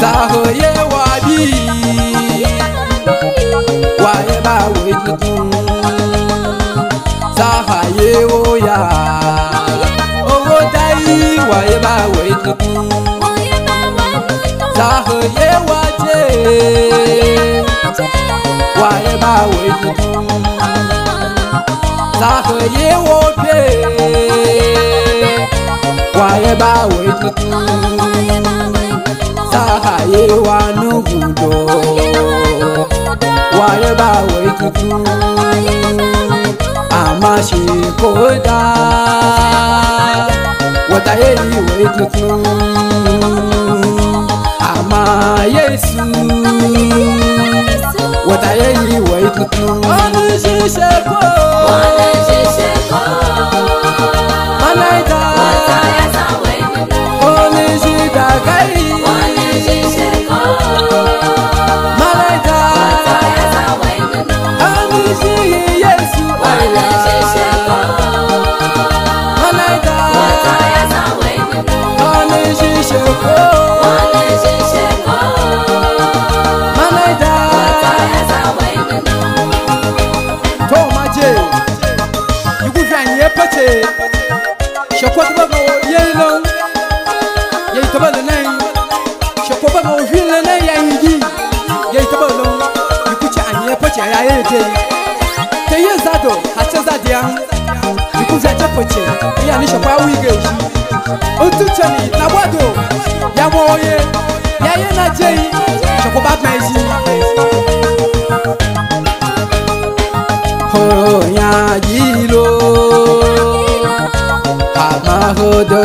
za ho ye wa bi wa ye ba we ti ku za ha ye wo ya o wo dai wa ye ba we ti ku za ho ye wa je wa ye ba we ti ku za ho ye wo pe wa ye ba we ti ku. wa n'obodo wàyé bá wòye tuntun àmà ṣe kó dá wọ́tá yé yí wòye tuntun àmà yéésù wọ́tá yé yí wòye tuntun. ọdún ṣíṣe kó. yeylo yey tabalo nay shako ba mo hwile nay ya yidi yey tabalo anye poche ya yeje teye zado hache zadia yikuza cha poche ni shako awige uji otuchani na wado ya moye ya ye na jei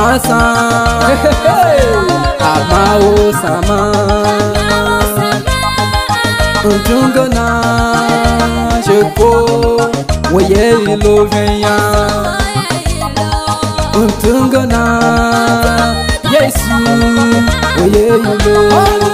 máa san àmà ó sàn mọ́. ntungana cheko wòye ìlú fìyà ntungana Jésù wòye ìlú.